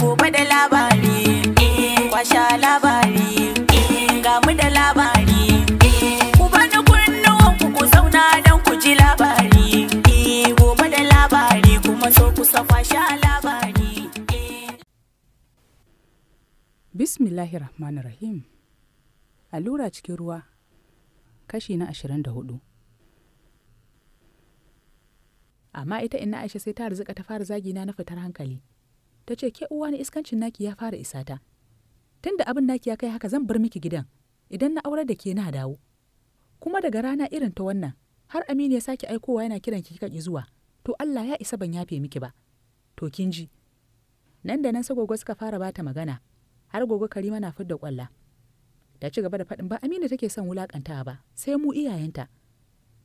gobe da labari eh, kwasha labari eh, ga mu da labari eh, ku bani kunnuwan ku ku zauna don ku ji labari gobe da labari kuma so ku kwasha labari bismillahir rahmanir rahim allura cikin ruwa kashi na ashirin da hudu. amma ita inna aisha sai ta arzika ta fara zagina na fitar hankali ta ce ke uwa ne iskancin naki ya fara isa ta tunda abin naki ya kai haka zan bar miki gidan idan na aurar da ke na dawo kuma daga rana irin ta wannan har Aminu ya sake aikowa yana kiran ki kaki zuwa to Allah ya isa ban yafe miki ba to kin ji nan da nan sa gogo suka fara bata magana har gogo Karima na fidda kwalla ta ci gaba da faɗin ba Aminu take son wulakanta ba sai mu iyayenta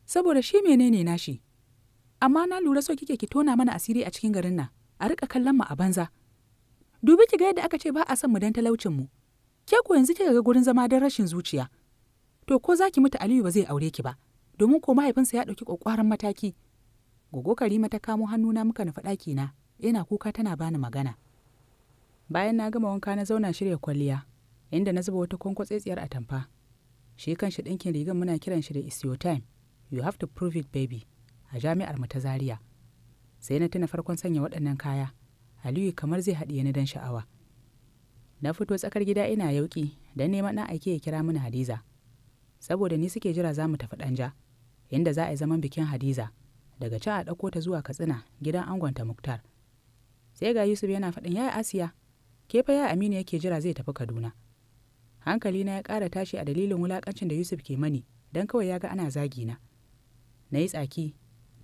saboda shi menene nashi amma na lura so kike ki tona mana asiri a cikin garin nan a rika kallon mu a banza dubi ki ga yadda aka ce ba a son mu dan talaucin mu ke ko yanzu kika ga gurin zama don rashin zuciya to ko za ki mutu Aliyu ba zai aure ki ba domin ko mahaifinsa ya ɗauki ƙwaƙwaran mataki gogo Karima ta kamo hannuna muka nafi ɗaki na yana kuka tana bani magana bayan na gama wanka na zauna shirya kwalliya inda na zuba wata a atamfa shi kanshi ɗinkin rigan muna kiran shi da is your time you have to prove it baby a jami'ar mu ta zaria sai na tuna farkon sanya waɗannan kaya aliyu kamar zai haɗiye ni don sha'awa na fito tsakar gida ina yauƙi don neman ɗan aike ya kira mini hadiza saboda ni suke jira za mu tafi ɗanja inda za a yi zaman bikin hadiza daga can a ɗauko ta zuwa katsina gidan angonta muktar sai ga yusuf yana faɗin yaya asiya ke fa ya aminu yake jira zai tafi kaduna hankali na ya ƙara tashi a dalilin wulaƙancin da yusuf ke mani don kawai ya ga ana zagina na yi tsaki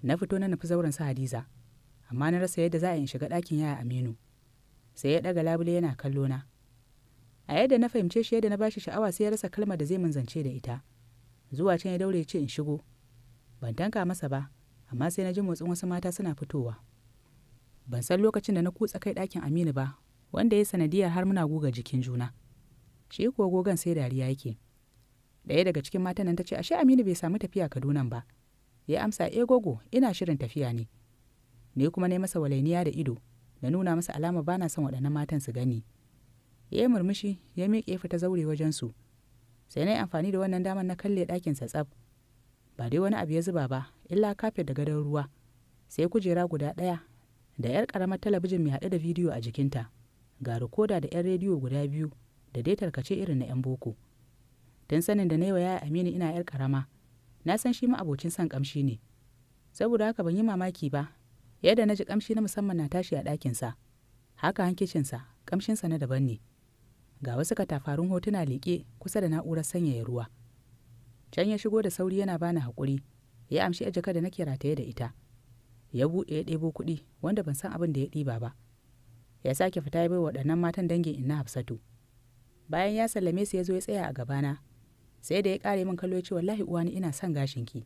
na fito na nufi zauren su hadiza amma na rasa yadda za a yi shiga ɗakin yaya aminu sai ya ɗaga labule yana kallo na a yadda na fahimce shi yadda na bashi sha'awa sai ya rasa kalmar da zai min zance da ita zuwa can ya daure ya ce in shigo ban tanka masa ba amma sai na ji motsin wasu mata suna fitowa ban san lokacin da na kutsa kai ɗakin aminu ba wanda ya sanadiyar har muna guga jikin juna shi kuwa gogon sai dariya yake ɗaya daga cikin matan nan ta ce ashe aminu bai samu tafiya kaduna ba ya amsa e gogo ina shirin tafiya ne ne kuma ne masa walainiya da ido na nuna masa alama bana son waɗannan matan su gani ya murmushi ya miƙe fita zaure wajen su sai na yi amfani da wannan damar na kalle sa tsaf ba dai wani abu ya zuba ba illa kafet da gadon ruwa sai kujera guda ɗaya da 'yar ƙaramar talabijin mai haɗe da bidiyo a jikinta ga rikoda da 'yan rediyo guda biyu da dai tarkace irin na 'yan boko tun sanin da na yi wa yaya aminu ina 'yar ƙarama na san shi ma abocin son ƙamshi ne saboda haka ban yi mamaki ba yadda na ji kamshi na musamman na tashi a ɗakinsa haka hankicinsa kamshinsa na daban ne ga wasu katafarun hotuna liƙe kusa da na'urar sanyaya ruwa can ya shigo da sauri yana bani haƙuri ya amshi a jaka da nake rataye da ita ya buɗe ya ɗebo kuɗi wanda ban san abin da ya ɗiba ba ya sake fita ya bai waɗannan matan dangin inna hafsatu bayan ya sallame su ya zo ya tsaya a gabana sai da ya ƙare min kallo ya ce wallahi uwani ina son gashinki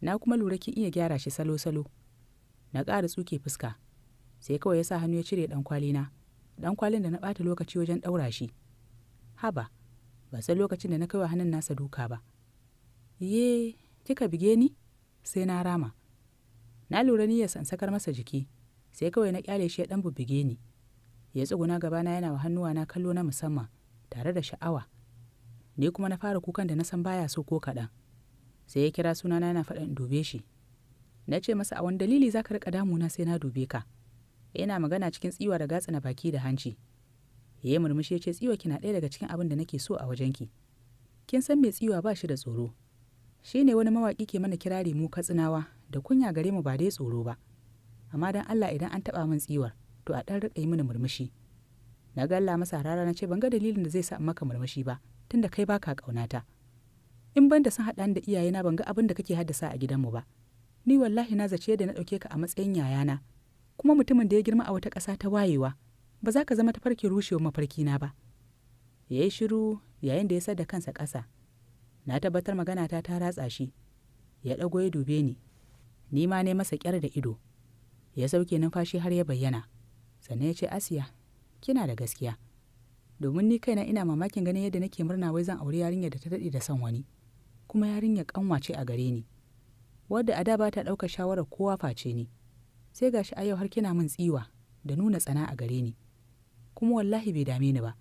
na kuma lura kin iya gyara shi salo-salo na ƙara tsuke fuska sai kawai ya sa hannu ya cire ɗan kwalina ɗan kwalin da na ɓata lokaci wajen ɗaura shi haba ba san lokacin da na kai wa hannun nasa duka ba ye kika bige ni sai na rama na lura ni ya sansakar masa jiki sai kawai na kyale shi ya ɗan bubbige ni ya tsuguna gabana yana wa hannuwana kallo na musamman tare da sha'awa ni kuma na fara kukan da na san baya so ko kaɗan sai ya kira sunana yana faɗin dube shi na ce masa a wani dalili za ka riƙa damuna sai na dube ka yana magana cikin tsiwa da gatsina baki da hanci ya yi murmushi ya ce tsiwa kina ɗaya daga cikin abin da nake so a wajen ki. kin san mai tsiwa ba shi da tsoro shi ne wani mawaƙi ke mana kirari mu katsinawa da kunya gare mu ba dai tsoro ba amma don allah idan an taɓa min tsiwar to a ɗan riƙa yi mini murmushi na galla masa rara na ce ban ga dalilin da zai sa maka murmushi ba tunda kai baka ƙaunata in ban da san haɗa da iyayena ban ga abin da kake haddasa a gidanmu ba ni wallahi na zace da na ɗauke ka a matsayin yayana kuma mutumin da ya girma a wata ƙasa ta wayewa ba za ka zama ta farki mafarki mafarkina ba ya yi shiru yayin da ya da kansa ƙasa na tabbatar magana ta ta ratsa shi ya ɗago ya dube ni ni ma ne masa kyar da ido ya sauke numfashi har ya bayyana sannan ya ce asiya kina da gaskiya domin ni kaina ina mamakin ganin yadda nake murna wai zan auri yarinyar da ta daɗe da son wani kuma yarinyar ce a gare ni wadda a da ba ta ɗaukar shawarar kowa face ni sai gashi a yau har kina min tsiwa da nuna tsana a gare ni kuma wallahi bai dame ni ba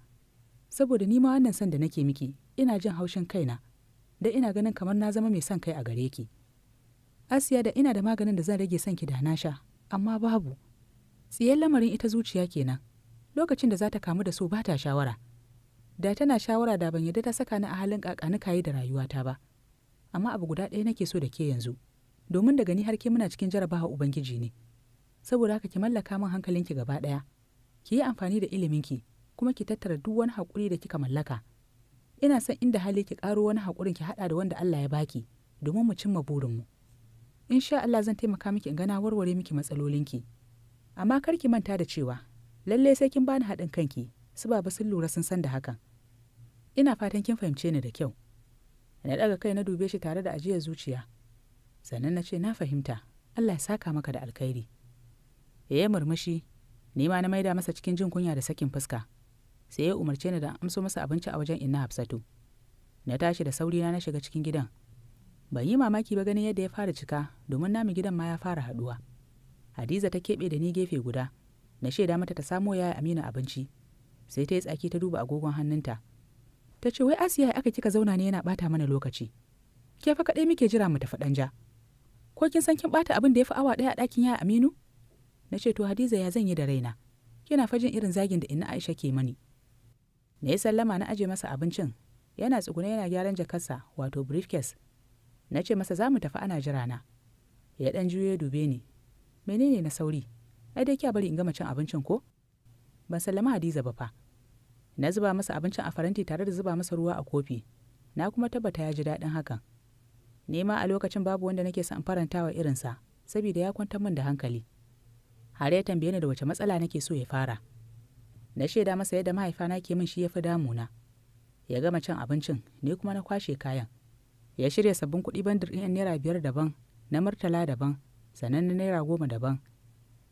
saboda ni ma wannan son da nake miki ina jin haushin kaina da ina ganin kamar na zama mai son kai a gare ki asiya da ina da maganin da zan rage son ki da na sha amma babu tsiyen lamarin ita zuciya kenan lokacin da za ta kamu da su ba ta shawara da tana shawara da ban yadda ta saka ni a halin kayi da rayuwata ba amma abu guda ɗaya nake so da ke yanzu domin daga ni har ke muna cikin jarabawa ubangiji ne saboda haka ki mallaka min hankalinki gaba ɗaya ki yi amfani da iliminki kuma ki tattara duk wani haƙuri da kika mallaka ina son inda hali ki ƙaro wani haƙurin ki haɗa da wanda Allah ya baki domin mu cimma burinmu In sha Allah zan taimaka miki in gana warware miki matsalolinki amma kar ki manta da cewa lalle sai kin bani haɗin kanki su baba sun lura sun san da hakan ina fatan kin fahimce ni da kyau na ɗaga kai na dube shi tare da ajiyar zuciya sannan na ce na fahimta allah ya saka maka da alkhairi ya yi murmushi nema na maida masa cikin jin kunya da sakin fuska sai ya umarce ni da amso masa abinci a wajen inna hafsatu na tashi da sauri na shiga cikin gidan ban yi mamaki ba ganin yadda ya fara cika domin namu gidan ma ya fara haduwa hadiza ta keɓe da ni gefe guda na shaida mata ta samo yaya amina abinci sai ta yi tsaki ta duba agogon hannunta ta ce wai asiya aka kika zauna ne yana bata mana lokaci ke fa kaɗai muke jira mu tafi ɗanja ko kin san kin bata abin da ya fi awa ɗaya a ɗakin yaya aminu na ce to hadiza ya zan yi da raina kina fajin irin zagin da inna aisha ke mani na yi sallama na aje masa abincin yana tsugune yana gyaran jakarsa wato briefcase na ce masa za mu tafi ana jira na ya ɗan juyo ya dube ni menene na sauri ai dai kya bari in gama cin abincin ko ban sallama hadiza ba fa na zuba masa abincin a faranti tare da zuba masa ruwa a kofi na kuma tabbata ya ji daɗin hakan nema a lokacin babu wanda nake son farantawa irinsa saboda ya kwantar min da hankali Har ya tambaye ni da wace matsala nake so ya fara na shaida masa yadda mahaifana ke min shi ya fi damu na. ya gama cin abincin ni kuma na kwashe kayan ya shirya sabbin kuɗi bandir ɗin naira biyar daban na murtala daban sannan na naira goma daban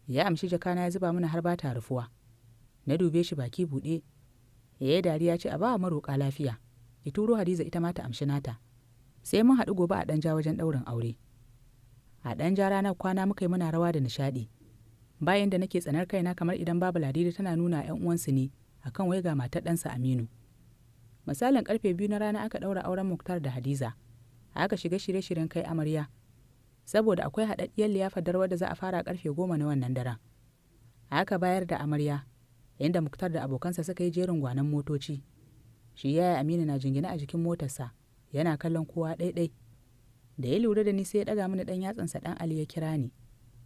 ya amshi jakana ya zuba mana har ba ta rufuwa na dube shi baki buɗe ya yi dariya ce a ba maroƙa lafiya ya turo hadiza ita ma ta amshi nata sai mun haɗu gobe a ɗanja wajen ɗaurin aure a ɗanja ranar kwana muka yi muna rawa da nishaɗi bayan da nake tsanar kaina kamar idan babu ladidi tana nuna 'yan uwansu ne akan wai ga matar ɗansa aminu misalin karfe biyu na rana aka ɗaura auren muktar da hadiza aka shiga shirye-shiryen kai amarya saboda akwai haɗaɗɗiyar liyafar darwar da za a fara karfe goma na wannan daren aka bayar da amarya inda muktar da abokansa suka yi jerin gwanon motoci shi yaya aminu na jingine a jikin motarsa yana kallon kowa ɗaiɗai da ya lura da ni sai ya ɗaga mini ɗan yatsansa ɗan ali ya kira ni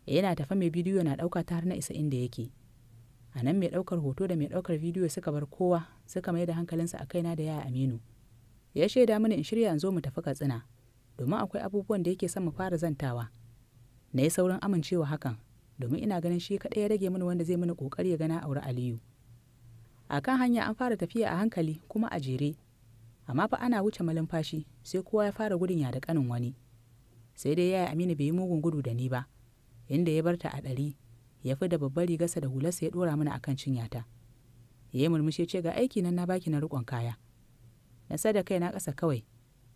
yana tafa mai bidiyo na ɗauka ta har na isa inda yake a nan mai ɗaukar hoto da mai ɗaukar bidiyo suka bar kowa suka mai da hankalinsa a kaina da yaya aminu ya shaida mini in shirya in zo mu tafi katsina domin akwai abubuwan da yake son mu fara zantawa na yi saurin amincewa hakan domin ina ganin shi kaɗai ya rage mini wanda zai mini ƙoƙari ya gana aure aliyu a kan hanya an fara tafiya a hankali kuma a jere amma fa ana wuce malumfashi sai kowa ya fara gudun ya da kanin wani sai dai yaya aminu bai yi mugun gudu da ni ba inda ya barta a ɗari ya fi da babbar rigarsa da hularsa ya ɗora mana akan ta. ya yi murmushi ce ga aiki nan na baki na riƙon kaya na sa da kai na ƙasa kawai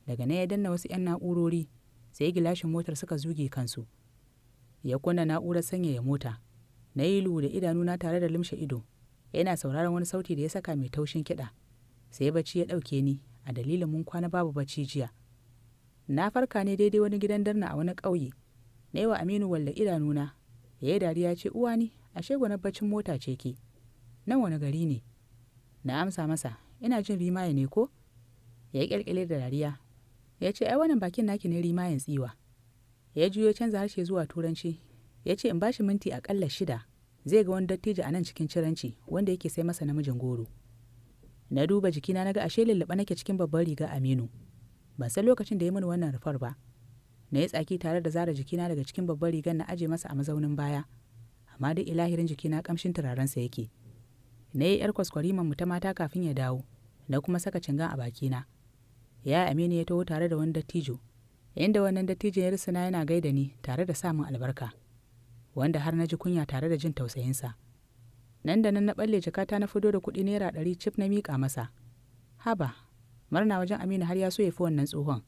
daga na ya danna wasu 'yan na'urori sai gilashin motar suka zuge kansu ya kunna na'urar sanyaya mota na yi da idanuna tare da limshe ido yana sauraron wani sauti da ya saka mai taushin kiɗa sai bacci ya ɗauke ni a dalilin mun kwana babu bacci jiya na farka ne daidai wani gidan darna a wani ƙauye na yi wa aminu walla idanuna ya yi dariya ce uwa ni ashe gwanar baccin mota ce ke nan wani gari ne na amsa masa ina jin rimaye ne ko ya yi da dariya ya ce ai wannan bakin naki ne rimayen tsiwa ya juyo canza harshe zuwa turanci ya ce in bashi minti aƙalla shida zai ga wani dattijo a nan cikin ciranci wanda yake sai masa namijin goro na duba jikina na ga ashe lullube nake cikin babban riga aminu ban san lokacin da ya mini wannan rufar ba na yi tsaki tare da zara jikina daga cikin babbar rigar na aje masa a mazaunin baya amma duk ilahirin jikina kamshin turarensa yake na yi yar kwaskwariman mu ta mata kafin ya dawo na kuma saka cingan a bakina ya aminu ya taho tare da wani dattijo inda wannan dattijon ya risina yana gaida ni tare da samun albarka wanda har na ji kunya tare da jin tausayinsa. nan da nan na balle jakata na fido da kuɗi naira ɗari cif na miƙa masa haba murna wajen aminu har ya so ya fi wannan tsohon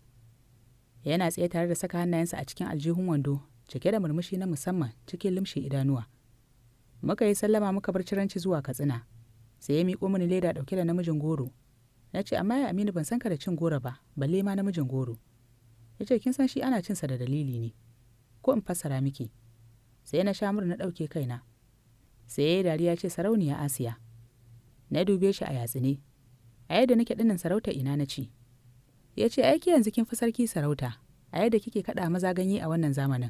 yana tsaye tare da saka hannayensa a cikin aljihun wando cike da murmushi na musamman cikin limshe idanuwa muka yi sallama muka bar ciranci zuwa katsina sai ya miƙo mini leda ɗauke da namijin goro na ce amma ya aminu ban san ka da cin goro ba balle ma namijin goro ya ce kin san shi ana cinsa da dalili ne ko in fassara miki sai na sha murna na ɗauke kaina sai dariya ce sarauniya asiya na dube shi a yatsune a yadda nake ɗinin sarauta ina na ci ya ce aiki yanzu kin fi sarki sarauta a yadda kike kaɗa maza ganye a wannan zamanin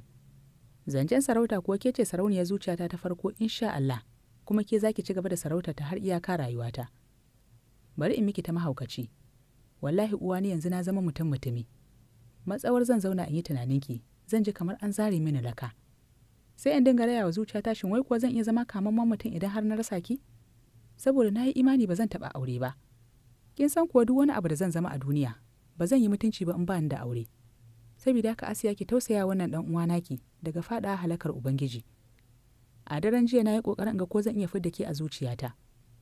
zancen sarauta kuwa ke ce sarauniyar zuciyata ta farko insha Allah kuma ke zaki ci gaba da sarauta ta har iyaka rayuwata bari in miki ta mahaukaci wallahi uwa ni yanzu na zama mutum mutumi matsawar zan zauna in yi tunaninki zan ji kamar an zare mini laka sai in dinga raya wa zuciya tashin wai kuwa zan iya zama kamamman mutum idan har na rasa ki saboda na yi imani ba zan taɓa aure ba kin san kuwa duk wani abu da zan zama a duniya ba zan yi mutunci ba in ba ni da aure saboda haka asiya ki tausaya wannan dan uwa naki daga faɗa halakar ubangiji a daren jiya na yi ƙoƙarin ga ko zan iya fidda ke a zuciyata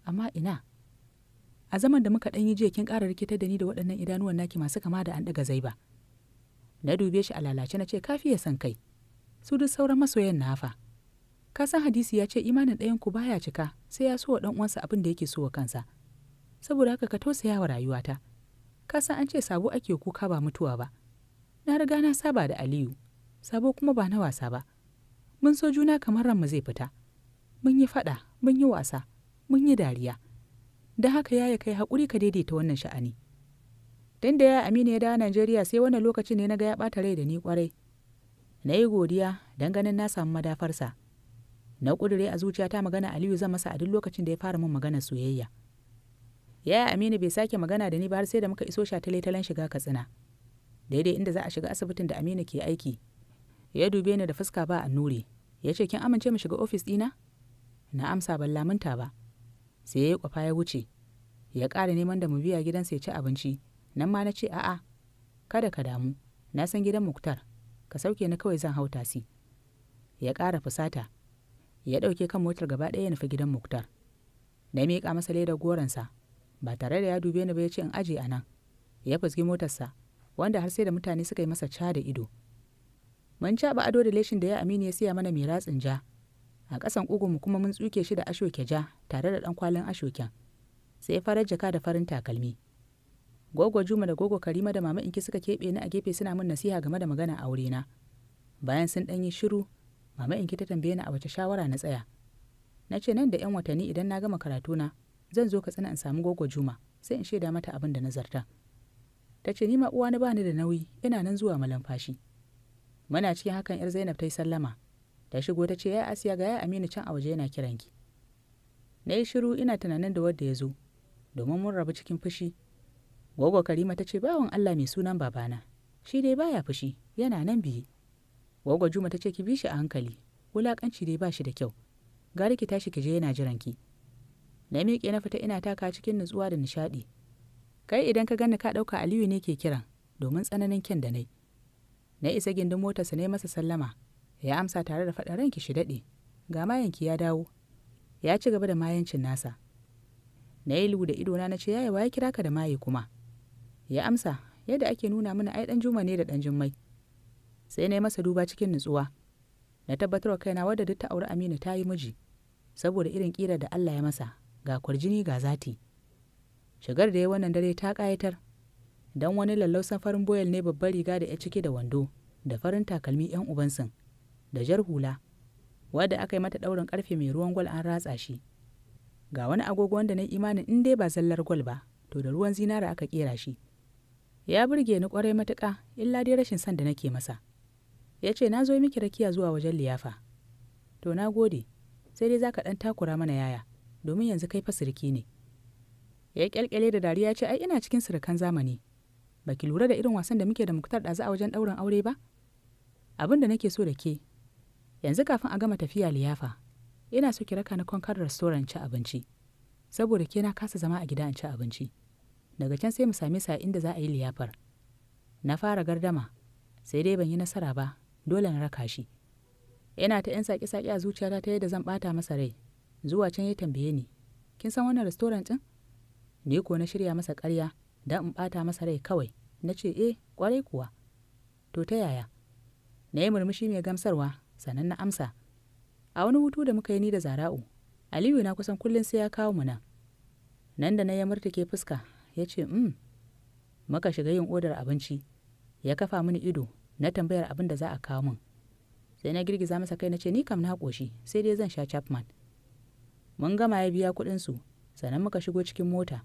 amma ina a zaman da muka ɗan yi jiya kin ƙara rikitar da ni da waɗannan idanuwan naki masu kama da an ɗaga zai ba. na dube shi a lalace na ce kafi ya san kai su duk sauran masoyan nafa ka san hadisi ya ce imanin ɗayan ku baya cika sai ya so wa ɗan uwansa abin da yake so wa kansa saboda haka ka tausaya wa rayuwata ka san an ce sabo ake kuka ba mutuwa ba na riga na saba da aliyu sabo kuma ba na wasa ba mun so juna kamar ranmu zai fita mun yi faɗa mun yi wasa mun yi dariya da haka yaya kai haƙuri ka daidaita wannan sha'ani tun da ya aminu ya dawo najeriya sai wannan lokacin ne na ga ya ɓata rai da ni ƙwarai na yi godiya don ganin na samu madafarsa na ƙudure a zuciyata magana aliyu zan masa a duk lokacin da ya fara min magana soyayya yaya aminu bai sake magana da ni ba har sai da muka iso shataletalen shiga katsina daidai inda za a shiga asibitin da aminu ke aiki ya dube ni da fuska ba annuri ya ce kin amince mu shiga ofis ɗina na amsa ban lamunta ba sai ya yi kwafa ya wuce ya ƙara neman da mu biya gidansa ya ci abinci nan ma na ce a'a kada ka damu na san gidan muktar ka sauke ni kawai zan hau tasi ya ƙara fusata ya ɗauke kan motar gaba ɗaya ya nufi gidan muktar na miƙa masa ledar goronsa ba tare da ya dube ni ba ya ce in aje a nan ya fusgi motarsa wanda har sai da mutane suka yi masa ca da ido mun caɓa ado da leshin da ya Aminu ya siya mana mai ratsin ja a ƙasan mu kuma mun tsuke shi da ashoke ja tare da ɗan kwalin ashoken sai farar jaka da farin takalmi Gogo Juma da gogo Karima da mama Inki suka keɓe ni a gefe suna min nasiha game da magana aure na. Bayan sun ɗan yi shiru, mama Inki ta tambaye ni a wace shawara na tsaya. Na ce nan da 'yan watanni idan na gama karatuna, zan zo ka Katsina in samu gogo Juma, sai in shaida mata abin da na zarta. Ta ce ni ma uwa na ni da nauyi, ina nan zuwa malamfashi. Muna cikin hakan 'yar Zainab ta yi sallama. Ta shigo ta ce ya Asiya ga ya Aminu can a waje yana kiranki. Na yi shiru ina tunanin da wadda ya zo, domin mun rabu cikin fushi gogo Karima ta ce bawan Allah mai sunan babana. Shi dai baya fushi, yana nan biye. gogo Juma ta ce ki bi shi a hankali, wulakanci dai ba shi da kyau. Gari ki tashi ki je yana jiran ki. Na miƙe na fita ina taka cikin nutsuwa da nishaɗi. Kai idan ka gani ka ɗauka Aliyu ne ke kiran domin tsananin kyan da nai. Na isa gindin motarsa ne masa sallama, ya amsa tare da faɗa ranki shi daɗe. Ga mayanki ya dawo. Ya ci gaba da mayancin nasa. Na yi da idona na ce yaya ya kira ka da maye kuma. ya amsa yadda ake nuna mana ai dan juma ne da dan jummai sai na yi masa duba cikin nutsuwa na tabbatar wa kaina wadda duk ta auri aminu ta yi miji saboda irin ƙirar da allah ya masa ga kwarjini ga zati shigar da ya wannan dare ta ƙayatar don wani lallausan farin boyal ne babbar riga da ya cike da wando da farin takalmi yan ubansin da jar hula wadda aka yi mata ɗaurin ƙarfe mai ruwan gwal an ratsa shi ga wani agogo wanda na imanin in dai ba zallar gwal ba to da ruwan zinara aka kera shi ya burge ni kwarai matuka, illa dai rashin san da nake masa ya ce na zo miki rakiya zuwa wajen liyafa to na gode sai dai za ka ɗan takura mana yaya domin yanzu kai fa sirki ne ya kyalkyale da dariya ce ai ina cikin sirikan zamani ba ki lura da irin wasan da muke da muktar ɗazu a wajen ɗaurin aure ba abin da nake so da ke yanzu kafin a gama tafiya liyafa ina so ki raka ni kwankar restaurant ci abinci saboda ke na kasa zama a gida in ci abinci daga can sai mu sami sa inda za a yi liyafar na fara gardama sai dai ban yi nasara ba dole na raka shi yana ta yan saƙe-saƙe a zuciyata ta yadda zan ɓata masa rai zuwa can ya tambaye ni kin san wannan restaurant ɗin ni ko na shirya masa ƙarya don in ɓata masa rai kawai na ce eh ƙwarai kuwa to ta yaya na yi murmushi mai gamsarwa sannan na amsa a wani hutu da muka yi ni da zara'u aliyu na kusan kullum sai ya kawo mu nan nan da na ya murtuke fuska ya ce um mm, maka shiga yin odar abinci ya kafa mini ido na tambayar abin da za a kawo min sai na girgiza masa kai na ce ni kam na koshi sai dai zan sha chapman mun gama ya biya kuɗinsu sannan muka shigo cikin mota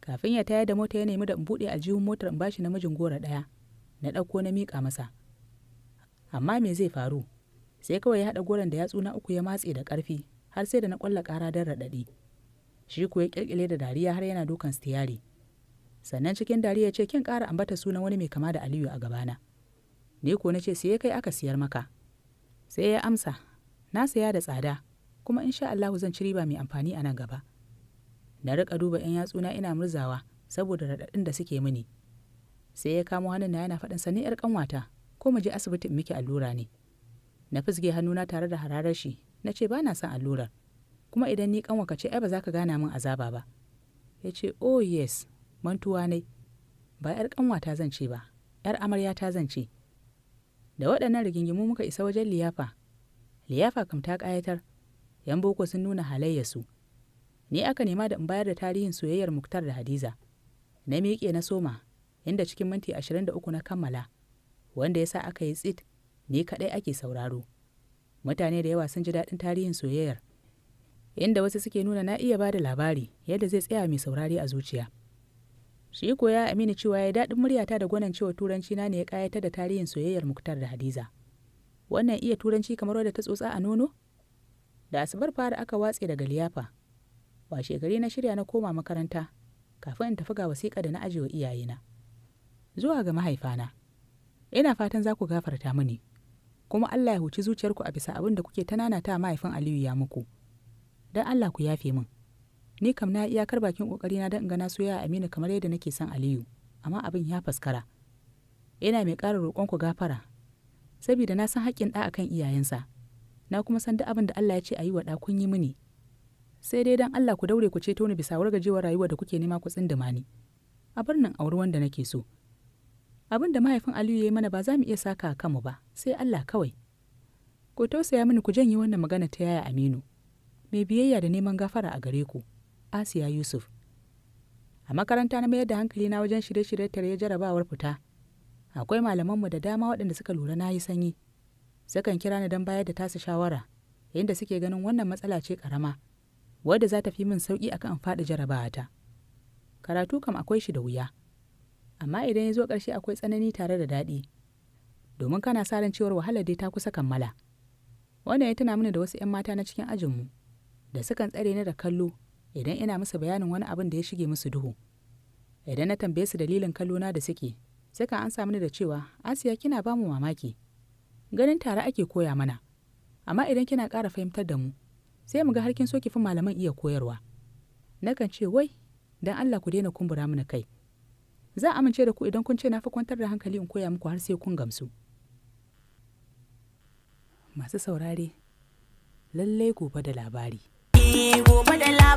kafin ya tayar da mota ya nemi da in buɗe aljihun motar in bashi namijin goro ɗaya na ɗauko na miƙa masa amma me zai faru sai kawai ya haɗa goron da yatsu na uku ya matse da ƙarfi har sai da na ƙwalla ƙara don raɗaɗi shi kuwa ya kirkire da dariya har yana dukan stiyari sannan cikin dariya ce kin ƙara ambata sunan wani mai kama da aliyu a gabana ne ko na ce sai kai aka siyar maka sai ya amsa na saya da tsada kuma insha Allahu zan ci riba mai amfani a nan gaba na riƙa duba 'yan yatsuna ina murzawa saboda raɗaɗin da suke mini sai ya kamo hannun na yana faɗin sani 'yar ƙanwata ko mu je asibitin miki allura ne na fisge hannuna tare da hararar shi na ce ba na son allurar kuma idan ni ka ce ai ba za ka gana min azaba ba ya ce oh yes mantuwa ne ba 'yar kanwa zan ce ba 'yar amarya ta zan da waɗannan rigingimu muka isa wajen liyafa liyafa kam ta ƙayatar yan boko sun nuna halayya su. ni aka nema da in bayar da tarihin soyayyar muktar da hadiza na miƙe na soma inda cikin minti ashirin da uku na kammala wanda ya sa aka yi tsit ni kaɗai ake sauraro mutane da yawa sun ji daɗin tarihin soyayyar inda wasu suke nuna na iya ba da labari yadda zai tsaya mai saurari a zuciya shi ko ya amini cewa ya daɗin muryata da gwanan cewa turanci na ne ya ƙayatar da tarihin soyayyar muktar da hadiza wannan iya turanci kamar wadda ta tsotsa a nono da asabar fara aka watse daga liyafa Wa gari na shirya na koma makaranta kafin in tafi ga wasiƙa da na ajiye wa iyayena zuwa ga mahaifana ina fatan za ku gafarta mini kuma Allah ya huci zuciyarku a bisa abin da kuke ta mahaifin Aliyu ya muku. don Allah ku yafe min ni kam na iyakar bakin kokari na don in ga soya Aminu kamar yadda nake son Aliyu amma abin ya faskara ina mai karar roƙon ku gafara saboda na san haƙƙin ɗa akan iyayensa na kuma san duk abin da Allah ya ce a yi wa ɗa kun yi mini sai dai dan Allah ku daure ku ceto ni bisa wargajewar rayuwa da kuke nema ku tsindima ni a birnin auri wanda nake so abin da mahaifin Aliyu ya yi mana ba za mu iya saka kanmu ba sai Allah kawai ku tausaya mini ku janye wannan magana ta yaya Aminu mai biyayya da neman gafara a gare ku asiya yusuf a makaranta na mayar da hankali na wajen shirye-shirye tare jarabawar fita akwai malamanmu da dama waɗanda suka lura na yi sanyi sukan kira ni don bayar da tasa shawara yadda suke ganin wannan matsala ce karama wadda za ta fi min sauƙi akan faɗi jarabawata karatu kam akwai shi da wuya amma idan ya zo ƙarshe akwai tsanani tare da daɗi domin kana sa ran cewar wahalar dai ta kusa kammala wannan ya tuna mini da wasu 'yan mata na cikin ajinmu da sukan tsare ni da kallo idan ina musu bayanin wani abin da ya shige musu duhu idan na tambaye su dalilin kallona da suke sukan an mini da cewa asiya kina ba mu mamaki ganin tare ake koya mana amma idan kina ƙara fahimtar da mu sai mu ga har kin so ki fi malaman iya koyarwa nakan ce wai dan Allah ku daina kumbura mini kai za a amince da ku idan kun ce na fi kwantar da hankali in koya muku har sai kun gamsu masu saurare lallai gobe da labari gobe da la